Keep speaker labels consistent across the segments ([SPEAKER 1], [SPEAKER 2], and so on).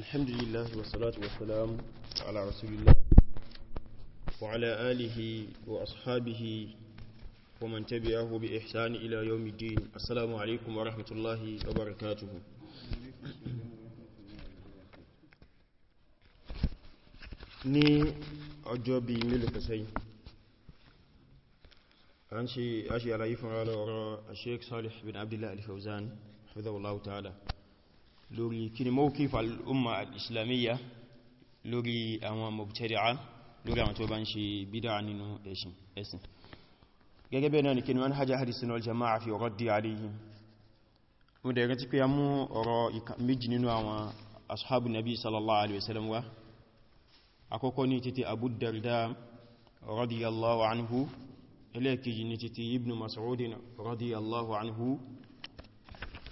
[SPEAKER 1] الحمد لله والصلاة والسلام على رسول الله وعلى آله وأصحابه ومن تبعه بإحسان إلى يوم الدين السلام عليكم ورحمة الله وبركاته ni ọjọ́ bí mélòó kẹsẹ̀ yìí a ń ṣe àṣì alayé fún ara lọ́rọ̀ sheikh salih bin abdullahi al-fawzan hafizahullahu ta'ala lórí kíni mawqif al-umma al-islamiyya lórí àwọn mubtadi'a lórí àwọn tó bá ń ṣe bídá nínú ẹ̀sìn gẹ́gẹ́ bẹ́ẹ̀ náà ni kíni manhaj ahli sunnah wal jama'a fi raddi alayhim mo dẹ̀ rántí pé a mú ọ̀rọ̀ méjì nínú àwọn ashabu nabi sallallahu alaihi wasallam wa àkọ́kọ́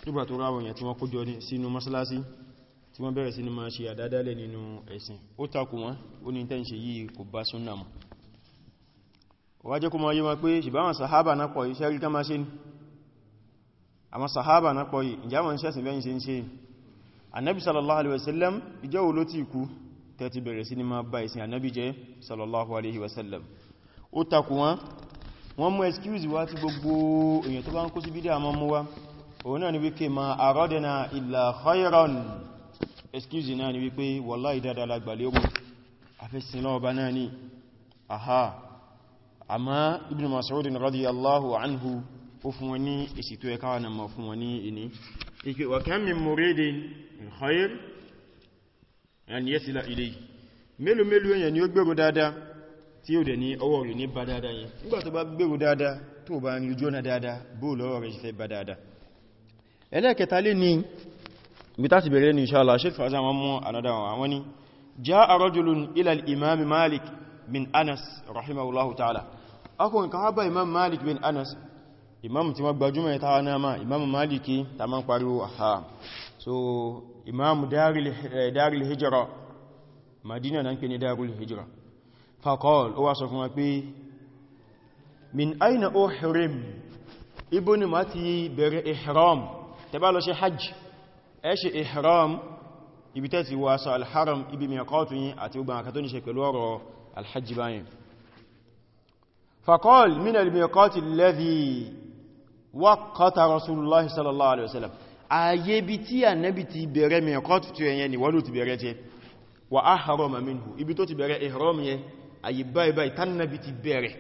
[SPEAKER 1] nígbà tó ráwọn èèyàn tí wọ́n kójọ sínú mọ́sálásí tí wọ́n bẹ̀rẹ̀ sí ní máa ṣe àdádálẹ̀ nínú ẹ̀sìn ó takù wọn ó ní tẹ́ ń ṣe yìí kò bá súnnà mu wá jẹ́ kó mọ́ yí wọn pé ṣìbáwọn sàhábà náà yìí ṣẹ́rí wasallam ìjẹ́ wo ló ti kú tẹ́ ti bẹ̀rẹ̀ sí alaihi wasallam ó takù wọ́n mú excuse wá tí gbogbo èèyàn tó bá ń kó sí bídí àmọ́ mú wá òun náà ni wípé ma àrọ́dẹ̀nà ìlà khairon excuse náà ni wípé wọ́lá ìdádá lagbàlẹ̀ ogun afẹ́sìn lọ́ọ̀bá náà ni aha àmá ibn Mas'udin radiyallahu anhu ó fún wọn ní èsì tó ẹka wọn mọ̀ fún wọn ní ìní ike wa kam min muridin khair an yasila ilayhi mélòó mélòó èyàn tí ó dẹ̀ ní ọwọ́ rẹ̀ ní bá dáadáa yẹn nígbà tó bá gbèrò dáadáa tó bá ń rí jóná dáadáa bóò lọ́wọ́ rẹ̀ ṣe fẹ́ bá dáadáa ẹlẹ́kẹta lé ní bí tá sì bẹ̀rẹ̀ ní inshallah Shaykh Fawzān wọn mú anada àwọn ni jā'a rajulun ilā al Malik bin Anas rahimahullahu ta'ala akọrin kan hábà imam Malik bin Anas imam tí wọ́n gbajúmọ̀ ta wọn náà imam Maliki ta ma ń pariwo aha so imam daril eh, hijira Madina na ń pè ní daril hijira faqal ó wá sọ fún wa pé min aina uhrim ibo ni ma ti bẹ̀rẹ̀ ihram tẹbá lọ ṣe hajj ẹ ṣe ihram ibi tẹ́ ti wọ aṣọ alharam ibi miqatu yín àti ogun àkàtọ́ ní ṣe pẹ̀lú ọ̀rọ̀ alhajj báyìí faqal min al-miqati alladhi waqqata rasulullah sallallahu alaihi wasallam ààyè bí tí ànábì ti bẹ̀rẹ̀ miqatu tí ẹ̀yẹn ni wọ́n ti bẹ̀rẹ̀ tí wa ahrama minhu ibi tó ti bẹ̀rẹ̀ ihram yẹn ààyè báyìí báyìí tánàbì ti bẹ̀rẹ̀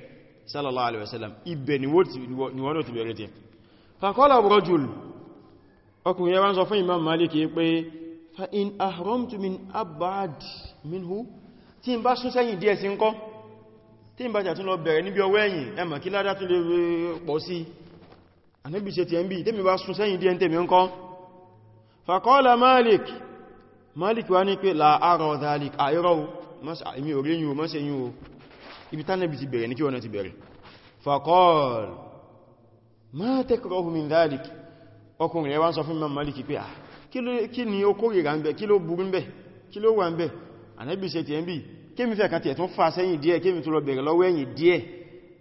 [SPEAKER 1] sallallahu ọkùnrin wá ń sọ fún Imam Malik pé fa in ahramtu min abad minhu tí n bá sún sẹ́yìn díẹ̀ sí ń kọ́ tí n bá jàtún lọ bẹ̀rẹ̀ níbi ọwọ́ ẹ̀yìn ẹmà kí ládá tún lè pọ̀ sí Ànábì ṣe ti ẹ̀mbì tẹ́mi bá sún sẹ́yìn díẹ̀ tẹ́mi ń kọ́ faqala Malik Malik wá ní pé la ọkùnrin ẹwà ń sọ fún Imam Maliki pé à ah, kí ni ó kórìíra ń bẹ kí ló burú ń bẹ kí ló wà ń bẹ ànábì ṣe tiẹ̀ ń bí kémi fẹ́ kàtẹ̀ tún fà sẹ́yìn díẹ̀ kémi tún lọ bẹ̀rẹ̀ lọ́wọ́ ẹ̀yìn díẹ̀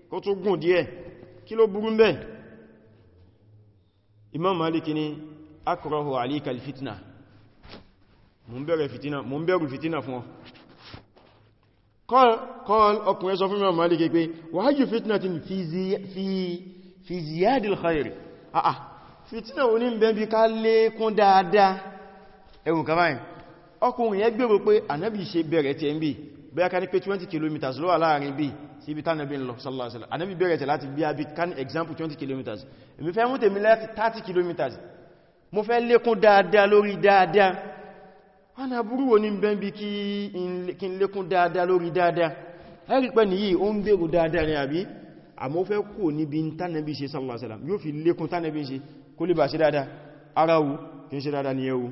[SPEAKER 1] kó tó gùn díẹ̀ kí ló burú ń bẹ Imam Maliki ni akrahu ah ah fìtínà oní ń bẹ́bí ká lékún dáadáa ẹwùn kan báyìí ọkùnrin yẹ gbèrò pé ànábì ṣe bẹ̀rẹ̀ tí ẹ bẹ́ẹ̀ ká ní pé 20 km ló wà láàrin bí sí ibi tánàbí lọ sallallahu alaihi wasallam ànábì bẹ̀rẹ̀ tẹ̀ láti bí 20 km èmi fẹ́ mú 30 km mo fẹ́ lékún dáadáa lórí dáadáa wọn na burú wo ní bẹ́ẹ̀bí kí n lékún dáadáa lórí dáadáa ẹ̀rí pẹ́ nìyí ó ń kò níbi tánàbí ṣe sallallahu alaihi wasallam yóò fi lékún tánàbí ṣe kó lè bà ṣe dáadáa ara wu kí n ṣe dáadáa ni yẹwu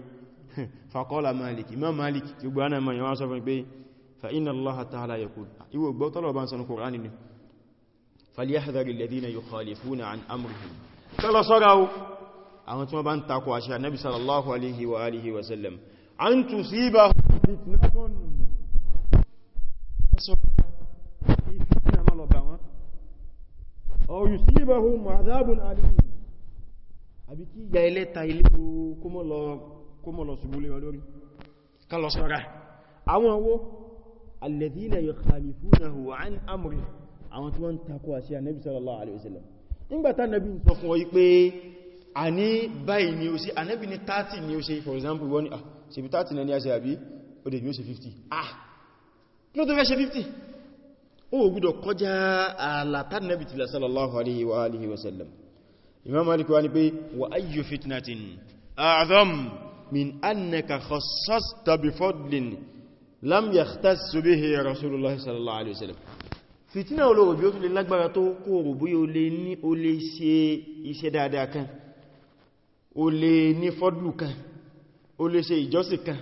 [SPEAKER 1] faqala malik imam malik tí gbogbo ana ma yawan sọ fún pé fa inna allaha ta'ala yaqul iwo gbọ́ tọ́lọ̀ bá ń sọ qur'ani ni falyahdhari alladhina yukhalifuna an amrihi tọ́lọ̀ sọ́ra wu àwọn tí wọ́n alihi أو يصيبهم عذاب أليم àbí kí ìyà ẹlẹ́ta ilé kómọ̀lọ̀ ṣubúlé olórí kálọ sọ́ra àwọn owó alladhina yukhalifunahu an amri àwọn tí wọ́n takò àṣẹ ànábì sallallahu alaihi wasallam nígbàtá ànábì ń sọ fún ọ pé a ní báyìí ni ó ṣe ànábì ní 30 ni ó ṣe for example wọ́n ni ah ṣe bí 30 na ni a ṣe àbí ó dẹ̀ bí ó ṣe 50 ah kí ló tó fẹ́ ṣe 50 ó gbọ́dọ̀ kọjá àlàtà ànábì sallallahu alaihi wa alihi wasallam imam malik wá ní pé wa ayyu fitnatin a'zam min annaka khassasta bi fadlin lam yakhtass bihi rasulullah sallallahu alaihi wasallam fitna olówó bí ó tún lè lágbára tó kóòrò bóyá o lè ní o lè ṣe iṣẹ́ dáadáa kan o lè ní fọ́dùlù kan o lè ṣe ìjọsìn kan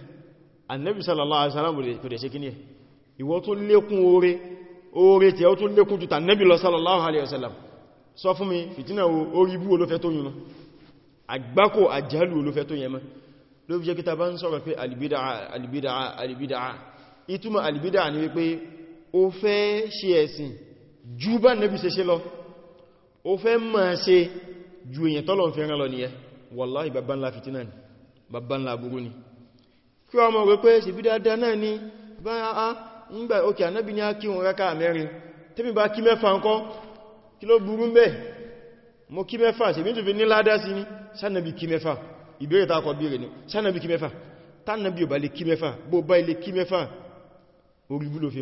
[SPEAKER 1] annabi sallallahu alaihi wasallam kò dẹ̀ ṣe kí ní ẹ̀ ìwọ tún lékún oore oore tí ó tún lékún jù sallallahu alaihi wasallam sọ fún mi fìtínà oríbú olófẹ́ tó yìnà àgbákò àjálù olófẹ́ tó yẹmọ́ ló fi jẹ́ kí ta bá ń sọ̀rọ̀ pé alìbídàá alìbídàá alìbídàá ìtumọ̀ alìbídàá ni wípé o fẹ́ ṣe ẹ̀sìn ju bá nẹ́bí ṣe ṣe lọ o fẹ́ máa ṣe ju èyàn tọ́lọ̀ fi rán lọ ah, ni a ń gbà òkè ànábì ní a kí òun rákà mẹ́rin tẹ́bí bá kí mẹ́fà ń kọ́ kí ló burú ń bẹ́ mo kí mẹ́fà sí mi tó fi ní ládá sí ní sánàbí kí mẹ́fà ìbéèrè takọ̀ bí rẹ̀ ní sánàbí kí mẹ́fà tánàbí ò bá lè kí mẹ́fà bó bá ilé kí mẹ́fà oríbú ló fi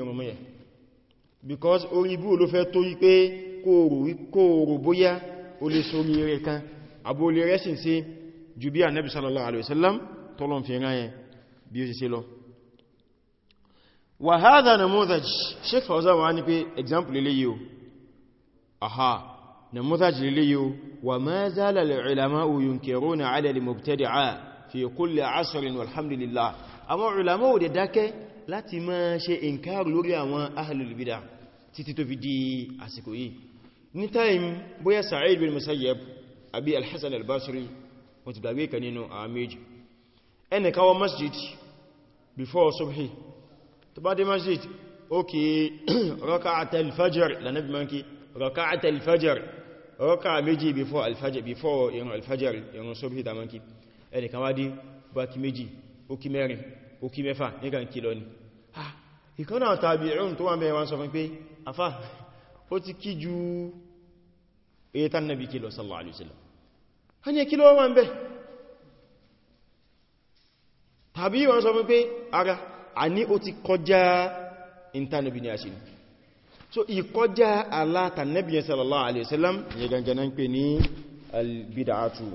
[SPEAKER 1] because oríbú ló fẹ́ tó yí pé kóòrò bóyá o lè sórí rẹ̀ kan àbó lè rẹ́sìn sí ju bí ànábì sallallahu alaihi wasallam tọ́lọ̀ fi rán yẹn bí ó sì ṣe lọ wa hadha namudhaj Sheikh Fawzan wá example eléyìí o أها نموذج لليو وما زال العلماء ينكرون على المبتدعاء في كل عصر والحمد لله أما علماء ذلك لا تماشي إنكار لوريا أهل البدع تتتفي دي أسكوي نتايم بويا سعيد بن مسيب أبي الحسن البصري وتبقى نينو آميج أنا كوا مسجد before صبحي تبقى دي مسجد أوكي ركعة الفجر لنبي مانكي raka'at al-fajr raka méjì before al-fajr before ìrun al-fajr ìrun subhi da manki ẹni kan wá di bá kí méjì ó kí mẹ́rin ó kí mẹ́fà nígbà kí lọ ni ah ìkan náà tabi'un tó wà be wá sọ fún pé afa ó ti kí ju èyí tán kí so ìkọjá aláta nẹ́bíyàn sallallahu alaihi wasallam ya gangana ń pè ní albida'atu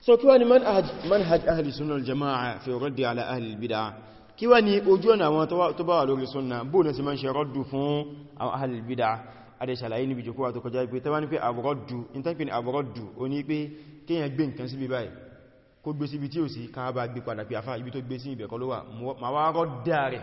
[SPEAKER 1] so kí wá ni manhaj ahli sunna al-jama'a fi raddi ala ahli al-bid'a kí wá ni ojú ọ̀nà àwọn tó bá wà lórí sunna bó na sí man ṣe raddu fún àwọn ahli al-bid'a adẹ́ṣàlàyé níbi jùkú àti kọjá pé tẹ́wàá ní pé àbúrọ́dù in tán pè ní àbúrọ́dù o ní pé kíyàn gbé nǹkan síbi báyìí kó gbé síbi tí ò sí káàbà gbé padà pé àfá ibi tó gbé sí ibẹ̀ kọ́ ma wá rọ́dà rẹ̀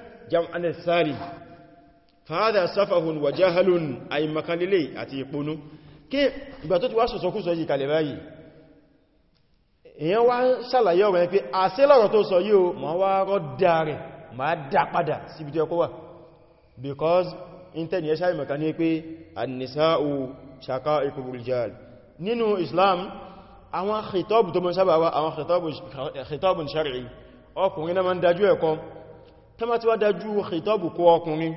[SPEAKER 1] jam'an al-thani fàádà sáfàhùn wà jáhálùn àìmakalilé àti ìpónú kí ìgbà tó ti wá sọ̀sọ̀kúsọ yìí kalẹ̀ báyìí èyàn wá ṣàlàyé ọ̀rọ̀ pé àṣẹ́lọ̀rọ̀ tó sọ yìí o ma wá rọ́dà rẹ̀ ma dá padà síbi tó wà because intanet ya ṣáyìmọ̀ kan ní pé annisa'u shaqa'iqul rijal nínú Islam àwọn khitobu tó mọ́ sábà wá àwọn khitobun shar'i ọkùnrin náà tó má ti wá dájú ìtọ́bù kó ọkùnrin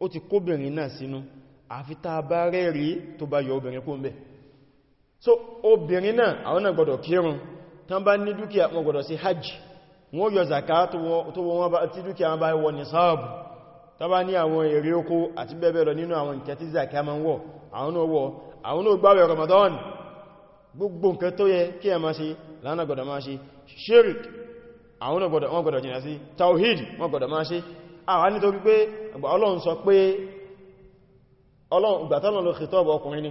[SPEAKER 1] ó ti kóbìnrin náà sínú àfi tá a bá rẹ́rí tó bá yọ obìnrin kó ń bẹ̀ so obìnrin náà àwọn náà gbọdọ̀ kírun tán bá ní dúkìá wọn gbọdọ̀ sí hajj wọ́n yọ zaka tó wọ́n bá tí dúkìá wọn bá wọ ní sáàbù tán bá ní àwọn èrè oko àti bẹ́ẹ̀ lọ nínú àwọn nǹkan tí Ramadan gbogbo nǹkan tó yẹ kí ẹ àwọn wọ́n gbọ́dọ̀ jìnà sí tawhid wọ́n gbọ́dọ̀ máa ṣe àwọn nítorí pé ọlọ́run sọ pé ìgbàtọ́lọ́run ló kìtọ́bù ọkùnrin ni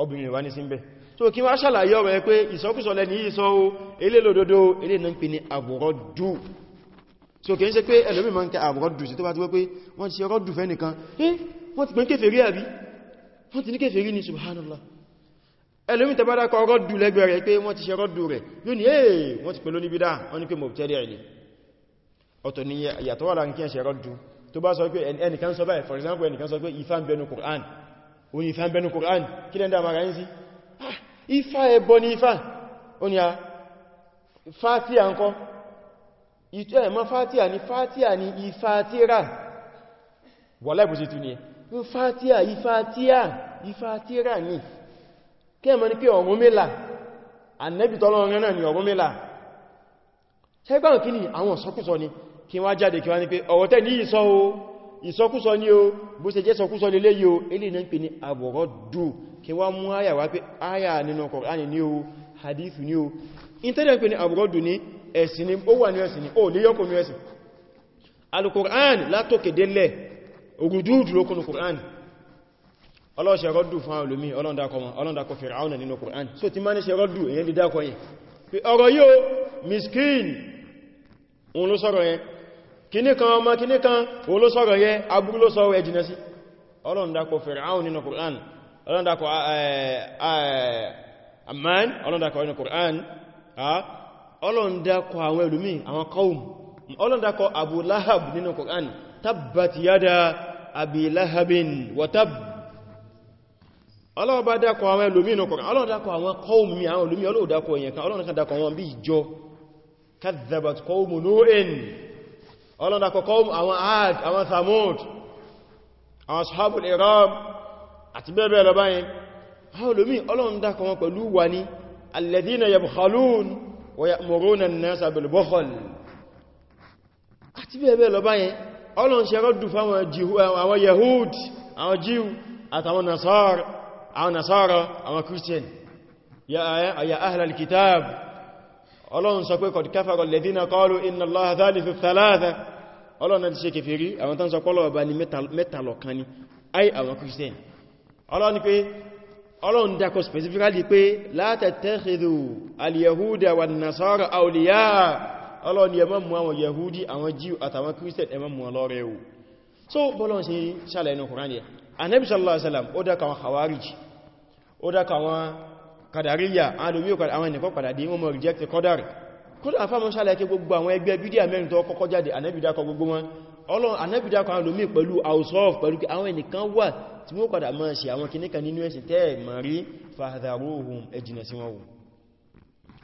[SPEAKER 1] obìnrin wá ní sínbẹ̀ so kí wá ṣàlàyé ọ̀rọ̀ ẹ pé ìsọkúsọ lẹ́ni yìí sọ o ilé lòdòdó ilé náà ń pè ní àbúrọ̀dù so kìí ṣe pé ẹlòmí ma ń kẹ àbúrọ̀dù sí tó bá ti wẹ́ pé wọ́n ti ṣe rọ́dù fẹ́ nìkan eh wọ́n ti pẹ́ kéfèrí àbí wọ́n ẹlòmí tẹ bá dákọ̀ rọ́dù lẹ́gbẹ̀ẹ́ rẹ̀ pé wọ́n ti ṣe rọ́dù rẹ̀ yóò ní èè wọ́n ti pè lóní bídá wọ́n ni pé mọ̀bùtẹ́lẹ̀ rẹ̀ ni ọ̀tọ̀ ni yàtọ̀ wà kí ẹ ṣe rọ́dù tó bá sọ pé ẹnìkan sọ báyìí for example ẹnìkan sọ pé ifá Qur'an ó ní Qur'an kí mara ń sí ah, ifá ẹbọ ni fatia ń kọ́ ìtọ́ ni fatia ni ifatira wà láìbùsí tún fatia ifatira ifatira ni kẹ́mọ̀ ní pé ọ̀rún mẹ́lá annabi tọ́lọ́rin náà ni ọ̀rún mẹ́lá ṣẹ́gbọ́n kí ni àwọn ìsọkúsọ ni kí wá jáde kí wá ní pé ọ̀rọ̀ ní o ìsọkúsọ ni o bó ṣe jẹ́ sọkúsọ lélé yìí o ni o ni o intanet pè ní àbọ̀rọ̀ dù ní ẹ̀sìn ni ó wà ní ni ó lè yọ́kùn ní ẹ̀sìn Al-Kùránì látòkèdélẹ̀ ògùdúùdù lókùnù ọlọ́run ṣe rọ́dù fún àwọn olùmí ọlọ́run dákọ̀ Fir'auna nínú Qur'an so ti máa ní ṣe rọ́dù èyàn lè dákọ̀ yẹn pé ọ̀rọ̀ yóò miskin òun ló sọ̀rọ̀ yẹn kíní kan ọmọ kíní kan òun ló sọ̀rọ̀ yẹn aburú ló sọ̀rọ̀ ẹ jìnà sí ọlọ́run dákọ̀ Fir'auna nínú Qur'an ọlọ́run dákọ̀ Amman ọlọ́run dákọ̀ nínú Qur'an ọlọ́run dákọ̀ àwọn olùmí àwọn qawm ọlọ́run Abu Lahab nínú Qur'an tabbat yada Abi Lahabin wa tabb Ọlọ́run bá dákọ̀ àwọn ẹlòmí inú kọ̀rọ̀ Ọlọ́run dákọ̀ àwọn kọ́ọ̀mù àwọn olómi Ọlọ́run dákọ̀ èyàn kan Ọlọ́run dákọ̀ àwọn bí ìjọ kadhabat kọ́ọ̀mù nóòin Ọlọ́run dákọ̀ kọ́ọ̀mù àwọn Ad àwọn Thamud àwọn Ashabul Iram àti bẹ́ẹ̀ bẹ́ẹ̀ lọ báyìí àwọn olómi Ọlọ́run dákọ̀ wọn pẹ̀lú wà ní alladhina yabkhalun wa ya'muruna Yahud àwọn Jíù àtàwọn Nasara àwọn nasara àwọn christian ya ahlal kitab ọlọ́run sọ pé kọ̀dí káfàrọ̀ lẹ́dínà kọlu iná lọ́ha thalithu thalatha ọlọ́run ti ṣe kèfèrí àwọn tán sọ pọ́lọ̀ ọba ni mẹ́tàlọ̀kan ni ai àwọn christian ọlọ́run pé ọlọ́run dákọ̀ specifically pé la tattakhidhu al-yahuda wa nasara awliya ọlọ́run yẹ mọ́mù àwọn yahudi so bọ́lọ́run ṣe ṣàlẹ̀ Ànábì sallallahu alaihi wasallam ó dákà àwọn khawarij ó dákà àwọn kadariya alomi àwọn ẹnìkan padà dé wọ́n reject kọ́dàrí kódà àfáàmọ́ sálẹ̀ kí gbogbo àwọn ẹgbẹ́ bídíà mẹ́rin tó kọ́kọ́ jáde Ànábì dákà gbogbo wọn ọlọ́run Ànábì dákà alomi pẹ̀lú ausof pẹ̀lú àwọn ẹnìkan wà tí wọ́n padà máa ṣe àwọn kìníkan nínú ẹ̀sìn tẹ́ẹ̀ mọ̀rí fahadharuhum ẹjìnà sí wọn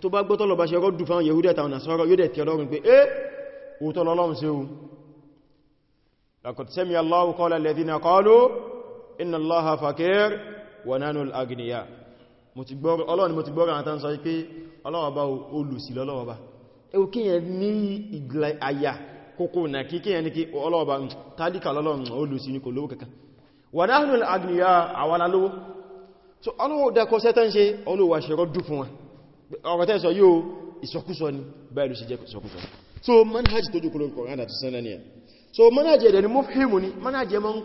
[SPEAKER 1] tó bá gbọ́tọ̀ lọ́bá ṣe rọ́dù fáwọn yehudi àtàwọn nasọ́rọ̀ yóò dẹ̀ tí ọlọ́run pé eh òótọ́ lọ́lọ́run sí ohun laqad sami'a Allahu qawla alladhina qalu inna Allaha faqir wa nahnu al-aghniya mo ti gbọ́ ọlọ́run mo ti gbọ́ àwọn tán sọ pé ọlọ́run ọba olùsí lọ́lọ́run ọba ewu so ọlọ́run dẹ́kọ́ sẹ́tẹ́ ń ṣe ọlọ́run ọ̀rọ̀ sọ yóò ìsọkúsọ ni báyìí ló ṣe jẹ́ ìsọkúsọ so manhaj tó jùkú lórí Kùránì àti Sunnah ni so manhaj ẹ̀dẹ̀ ni mufhimu ni manhaj ẹ ma ń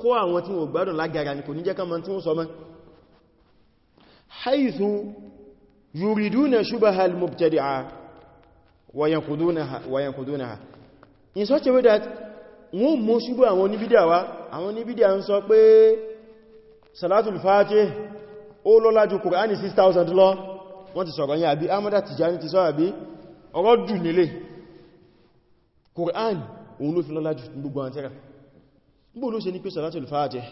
[SPEAKER 1] kó àwọn tí wọ́n gbádùn lágara ni kò ní jẹ́ ká mọ̀ tí wọ́n sọ mọ́ haythu in such a way that wọ́n mú ṣubú àwọn oníbídà wá àwọn oníbídà ń sọ pé salatul fatih ó lọ́lá ju kùránì 6,000 lọ wọ́n ti sọ̀rọ̀ yẹn àbí amọ́dá Tijani ti sọ̀rọ̀ àbí ọ̀rọ̀ jù nílé kùránì òun ló fi lọ́lá ju gbogbo àtẹ́rà gbogbo ló ṣe ní pé Salatul Fatih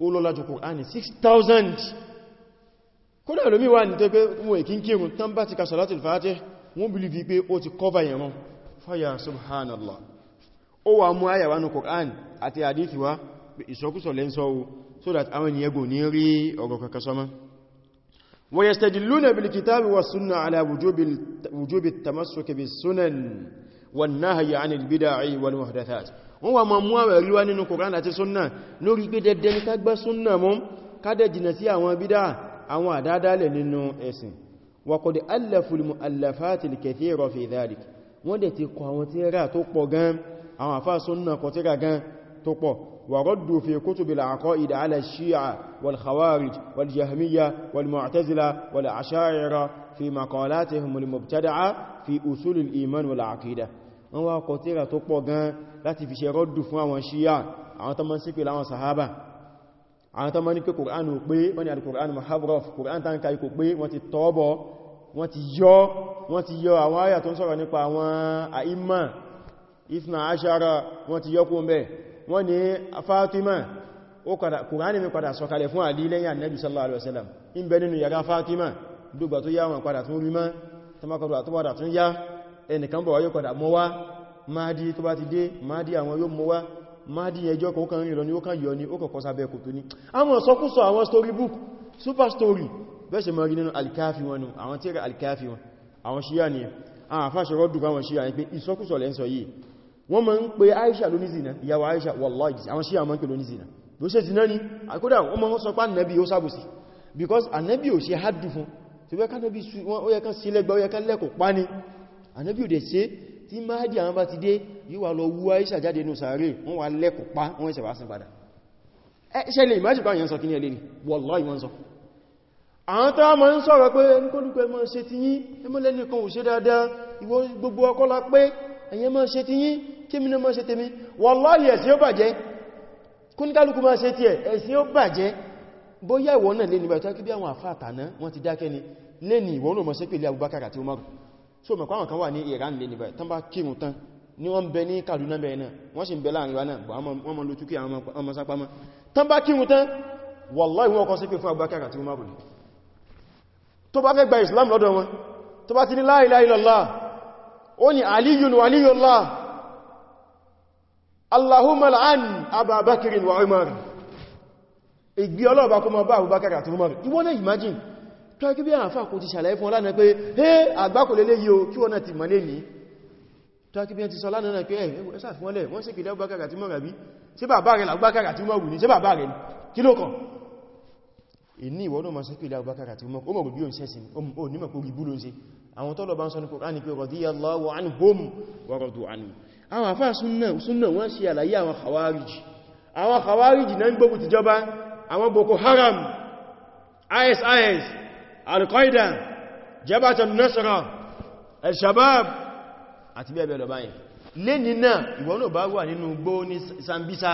[SPEAKER 1] ó lọ́lá ju kùránì 6,000 kódà lómi wà ní tó pé wọn èkí ń kírun tán bá ti ka Salatul Fatih wọ́n bí lè pé ó subhanallah ó wà mú àyàwà ní kùránì àti àdífìwá ìṣọ́kúsọ̀ so that àwọn ènìyàn gò ní rí ọ̀rọ̀ ويستدلون بالكتاب والسنة على وجوب وجوب التمسك بالسنن والنهي عن البدع والمحدثات wọ́n wà máa mú àwẹ̀ ríwá nínú Kùránì àti súnnà lórí pé dẹ̀dẹ̀ ní kágbẹ́ súnnà mọ́ kádẹ̀ jìnà sí àwọn bídá àwọn àdádálẹ̀ nínú ẹ̀sìn وقد ألفوا المؤلفات الكثيرة في ذلك wọ́n dẹ̀ ti kọ àwọn tírà tó pọ̀ gan àwọn àfáà súnnà kọ tírà gan tupo fi al-aqaid ala shi'a wal khawarij wal كتب wal mu'tazila wal ashaira fi maqalatihim al mubtada'a fi usul al iman wal aqida wọ́n wá kọ tírà tupo gan láti fi ṣe rọ́dù fún àwọn ṣíyà shi'a tó máa ń man láwọn sàhábà àwọn tó máa ní pé kòránù man ni pe qur'an o pe won ni al-qur'an alikoranu qur'an tan kai ko pé wọ́n ti tobo wọ́n ti yọ wọ́n ti yọ àwọn àyà tó ń sọ̀rọ̀ nípa àwọn a'imma 12 wọ́n ti yọ kó mẹ́ wọ́n ní Fatima kùránì mi padà sọ̀kalẹ̀ fún Àlí lẹ́yìn annabi sallallahu alaihi wasallam in bẹ nínú yàrá Fatima dùgbà tó yá wọn padà tún rí mọ́ tó padà tún yá ẹnìkan bọ̀ yóò padà mọ́ wá Mahdi tó bá ti dé Mahdi àwọn yóò mọ́ ni ó kàn yọ ni ó kọ̀kọ́ sábẹ́ kò tó ní àwọn sọkúsọ àwọn storybook super story bẹ́ẹ̀ sì mọ́ rí nínú alkafi wọn àwọn tíra alkafi wọn àwọn ṣíyà ni àwọn afáṣẹ́rọ́dù fáwọn ṣíyà ní pé ìsọkúsọ lẹ́ ń sọ yìí wọ́n ma ń pe Aisha ló ní zina ìyàwó Aisha wallahi àwọn Shia ma ń pè ló ní zina bí ó ṣe zina ní àkódà wọ́n ma ń sọ nẹ́bí ó sábòsí because anẹ́bí ò ṣe haddu fún tí ó yẹ kan sí lẹ́gbà ó yẹ kan lẹ́kọ̀ọ́ pa ní anẹ́bí ò dẹ̀ ṣe tí Mahdi àwọn bá ti dé yíò wà lọ wú Aisha jáde ní sàárè wọ́n wà lẹ́kọ̀ọ́ pa wọ́n ṣe wá sí padà ṣe lè ìmájì bá yẹn sọ kí ní ẹlẹ́ni wallahi wọ́n sọ ń sọ̀rọ̀ pé ẹnikọ́lùkọ́ ẹmọ́ ṣe ti yín ẹmọ́lẹ́nìkan ò ṣe dáadáa ìwọ gbogbo ọkọ́lá pé ẹ̀yẹn ṣe ti yín kí mi ní mọ́ ṣe tèmi wallahi ẹ̀sìn ó bàjẹ́ kún kálukú máa ṣe tí ẹ̀ ẹ̀sìn ó bàjẹ́ bóyá ìwọ náà lè nígbà tó kí bí àwọn àfá àtàná wọ́n ti dákẹ́ ni lè ní ìwọ náà mọ́ sí pèlé Abubakar àti Umar so mẹ́kọ́ àwọn kan wà ní Iran lè nígbà tán bá kírun tán ní Islam lọ́dọ̀ wọn tó bá ti ní la ilaha illallah ó ní aliyun waliyullah Allahumma la'an Aba Bakr wa Umar. Ìgbí ọlọ́ọ̀bá kó máa bá Abubakar àti Umar. Ìwọ́n náà imagine, tó kí bí àǹfà kò ti ṣàlàyé fún ọlá náà pé, "Hé, àgbákò lélé yíò kí wọ́n náà ti mọ̀lé ní." Tó kí bí ẹ ti sọ lánàá pé, eh, "Ẹ sáà fún ọlẹ̀, wọ́n sì kìdá Abubakar àti Umar àbí? Ṣé bàbá rẹ̀ l'Abubakar àti Umar ní? Ṣé bàbá rẹ̀ ní? Kí ló kàn?" Ìní ìwọ́n náà máa sí kìdá Abubakar àti Umar, ó mọ̀ bí ó ń sẹ́sìn, ó ní mọ̀ kó rí búlò ń se. Àwọn tọ́lọ bá ń sọ ní Kùránì pé, "Radiyallahu anhum wa radu anhu." àwọn àfáà súnnà súnnà wọ́n ṣe àlàyé àwọn khawariji àwọn khawariji náà ń gbógun ti jọba àwọn boko haram isis al-qaida jabatan nasara al-shabab àti bí ẹbẹ̀lọ báyìí lè nínà ìwọ̀n náà bá wà nínú gbó ní sambisa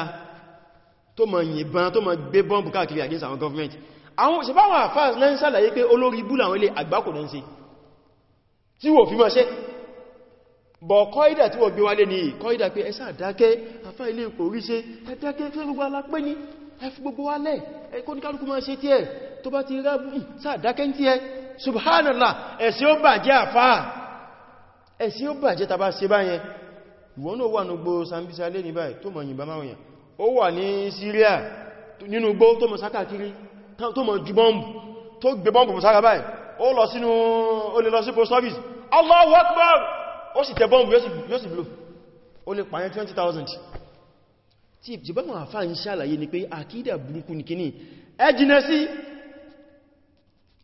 [SPEAKER 1] tó ma yìnbọn tó ma gbé bọ́m̀bù káàkiri against àwọn government àwọn ìṣẹ́báwọn àfáà náà ń sàlàyé pé olórí búlà àwọn ilé àgbákò náà ń tí wò fi mọ́ ṣe bọ̀ kọ́ìdà tí wọ́n gbé wálé ní kọ́ìdà pé ẹsà dákẹ́ afá ilé ipò oríṣẹ́ ẹdákẹ́ fẹ́ gbogbo alápẹ́ ní ẹfí gbogbo wálẹ̀ ẹkọ́ ní kálùkù máa ṣe tí ẹ tó bá ti rábù sáàdákẹ́ tí ẹ subhanallah ẹ̀sìn ó bàjẹ́ àfá ẹ̀sìn ó bàjẹ́ tàbá ṣe báyẹn ìwọ́n náà wà ní gbó sambisa lé ní báyìí tó mọ̀ yìnbá máa wọ̀nyàn ó wà ní Syria nínú gbó tó mọ̀ sákàkiri tó mọ̀ ju bọ́m̀bù tó gbé bọ́m̀bù sára báyìí ó lọ sínú ó lè lọ sí post Akbar ó sì tẹ bọ́m̀bù yóò sì blò ó lè pààyàn 20,000 tí ìjìbọ́mù àfá ń ṣàlàyé ni pé àkídà burúkú ní kíní ẹ jìnà sí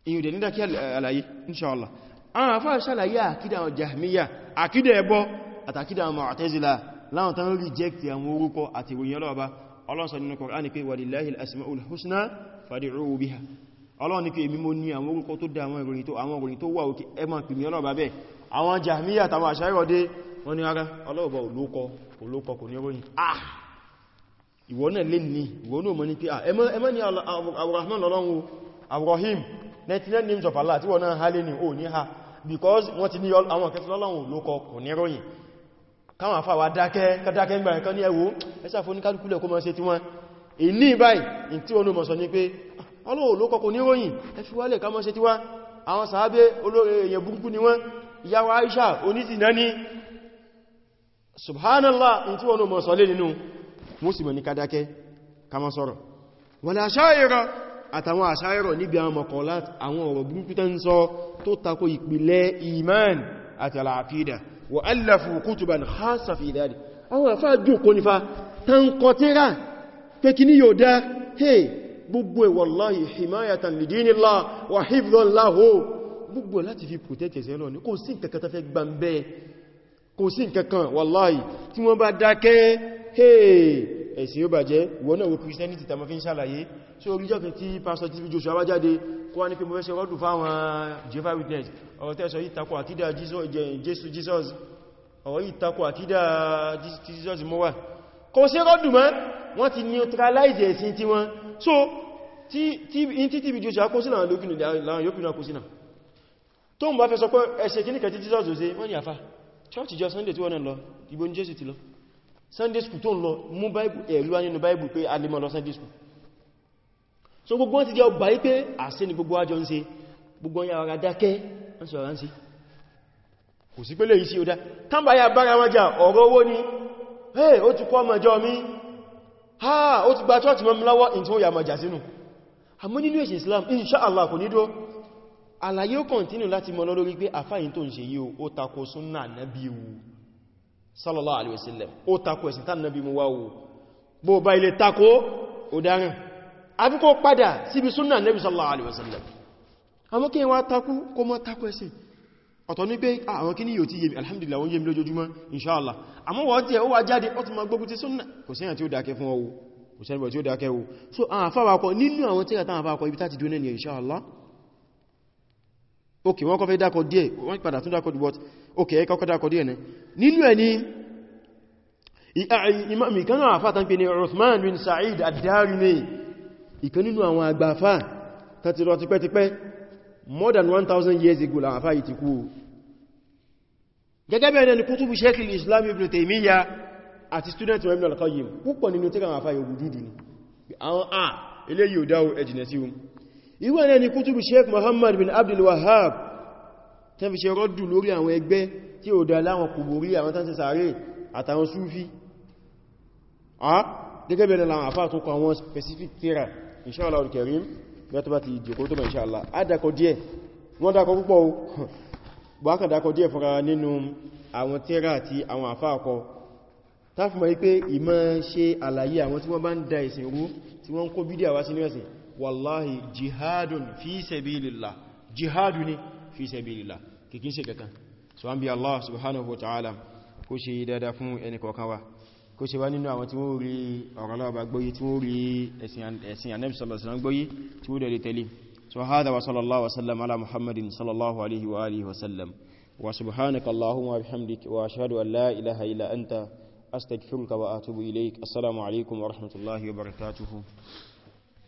[SPEAKER 1] ìyùdẹ̀ nídà kí àlàyé inṣàlá àwọn àfá ṣàlàyé àkídà jahmiya àkídà ẹbọ àtàkídà mu'tazila láwọn tán reject àwọn orúkọ àti ìròyìn ọlọ́ọ̀bá ọlọ́sọ nínú Kùránì pé walillahi al-asma'ul husna fad'uhu biha ọlọ́ọ̀ ní pé èmi mo ní àwọn orúkọ tó dá àwọn ìròyìn tó wà òkè ẹ pè mí ọlọ́ọ̀bá bẹ́ẹ̀ àwọn jahmiya tàwọn àṣàírọ̀dé wọ́n ní ara ọlọ́ọ̀bọ̀ olókọ olókọ kò ní ròyìn ah ìwọ náà lè ní ìwọ náà mọ́ ní pé ah ẹmọ́ ni Ar-Rahman lọ́lọ́run ar 99 names of Allah tí wọ́n náà hálé ní o ní ha because wọ́n ti ní àwọn kẹfẹ́ lọ́lọ́run olókọ kò ní ròyìn káwọn afáwà dákẹ́ kẹ́dákẹ́ ń gbà ẹ̀kan ní ẹwò ẹsà fún ní kálùkúlẹ̀ kó mọ́ sí tí wọ́n ìní báyìí tí wọ́n mọ̀ sọ ní pé ah, ọlọ́wọ̀ olókọ kò ní ròyìn ẹfíwálẹ̀ ká mọ́ sí tí wọ́n àwọn sàábé olóòrè èèyàn burúkú ni wọ́n ìyàwó Aisha onísìnà ní subhanallah in tí wọnú mọ̀ sọlé nínú musulmi ní kadákẹ́ kama sọ́rọ̀ wọ́n ni aṣáyẹ̀rọ àtàwọn aṣáyẹ̀rọ níbi àwọn mọ̀kànlá àwọn ọ̀rọ̀ burúkú tán sọ tó tako ìpìlẹ̀ iman àti àlàáfíìdà wa allafu kutuban khassa fi dhalik àwọn àfáà jókòó nífa tán gbogbo wallahi himayatan lidinillah wa hifdhan lahu gbogbo láti fi protect ẹ̀sẹ̀ lọ ní kò sí nǹkankan tafẹ́ gbàmbẹ́ kò sí nǹkankan wallahi tí wọ́n bá dákẹ́ ẹ̀sìn yóò bàjẹ́ ìwọ náà wo christianity tàbí fi ń ṣàlàyé tí ó ríjọ́ kan tí pastor T.B. Joshua bá jáde kó wá ní pé mo fẹ́ ṣe rọ́dù fáwọn Jehovah Witness ọ̀rọ̀ tẹ́sọ yìí tako àkídà Jesus ọ̀rọ̀ yìí tako àkídà neutralize ẹ̀sìn tí wọ́n so tí T.B. Joshua kó sínà lókùnù láwọn yókùnù kó sínà tó ń bá fẹ́ sọ pé ẹ̀ṣẹ̀ kí ní kẹtí jesus ò sí wọ́n ni àfá church jọ sunday tí wọ́n lọ ìbò ní jésù ti lọ sunday school tó ń lọ mú ẹ̀lú nínú bible pé a lọ sunday school so gbogbo wọn ti jẹ́ ọgbà wípé àṣẹ ni gbogbo àjọ ń ṣe gbogbo ya ara dákẹ́ ń sọ ara ya bára wọn jà ọ̀rọ̀ owó hey ó ti kọ́ ọmọ ha ó ti gba church mọ́ mi lọ́wọ́ ìtún ìyàmọ̀jà sínú àmọ́ nínú ẹ̀sìn islam insha allah àlàyé ó kọ̀ntínú láti mọ́ lórí pé àfáyín tó ń ṣe yíò ó takò súnnà nábí wu sallallahu alaihi wasallam ó takò ẹ̀sìn tán nábí mú wáwú bó bá ilé takò ó dárin àbí kó padà síbi súnnà nábí sallallahu alaihi wasallam àmọ́ kí wá takú kó mọ́ takò ẹ̀sìn ọ̀tọ̀ ní pé àwọn kí alhamdulillah wọ́n yé mi lójoojúmọ́ inṣáàlá àmọ́ wọ́n tí ẹ̀ ó wà jáde ó ti ma gbógun ti súnnà kò so àwọn àfáwakọ̀ nínú àwọn tí àtàwọn àfáwakọ̀ ibi tàti dúnẹ́ ok wọ́n kọ́ fẹ́ dákọ̀ díẹ̀ wọ́n padà tún dákọ̀ díẹ̀ ok ẹ kọ́kọ́ dákọ̀ díẹ̀ nínú ẹ̀ ni imam ìkanú àfá tán pè ní Uthman bin Sa'id ad-Dari ni ìkan nínú àwọn agbàfá tán ti lọ tipẹ́tipẹ́ more than 1000 years ago láwọn àfá yìí ti kú gẹ́gẹ́ bẹ́ẹ̀ ni kútùbù Sheikh al-Islam Ibn Taymiyyah àti student Ibn al-Qayyim púpọ̀ nínú tí àwọn àfá yóò dúdú ni àwọn à eléyìí ò dáwò ẹ̀jìnẹ̀ sí ìwé náà ni kútùbù sheik Muhammad bin Abdul Wahhab tẹ́ fi ṣe rọ́dù lórí àwọn ẹgbẹ́ tí ó dá láwọn kòbòrí àwọn tán ti sàárè àtàwọn súfí a àwọn specific tírà inṣáàlá olùkẹrim gẹ́tọ́ bá ti jẹ́kó tó bá inṣáàlá a dákọ díẹ̀ wọ́n dákọ púpọ̀ o bákan dákọ díẹ̀ fúnra nínú àwọn tírà àti àwọn àfáà kọ táfùmọ̀ wípé ìmọ̀ ṣe àlàyé àwọn tí wọ́n bá ń da ìsìn tí wọ́n kó bídíà wá sínú ẹ̀sìn wallahi jihadun fi sabilillah jihadu ni fi sabilillah kikin ṣe kankan so an bi Allah subhanahu wa ta'ala kó ṣe dada fún ẹni kọ̀ọ̀kan wa kó ṣe wá nínú àwọn tí wọ́n rí ọ̀rọ̀ Ọlọ́run bá gbọ́yé tí wọ́n rí ẹ̀sìn Ànábì sallallahu alaihi wasallam gbọ́yé tí wọ́n dẹ̀ tẹ̀lé so hada wa sallallahu wasallam ala muhammadin sallallahu alaihi wa alihi wasallam wa subhanaka allahumma wa bihamdik wa ashhadu an la ilaha illa anta astaghfiruka wa atubu ilaik assalamu alaikum wa rahmatullahi wa barakatuh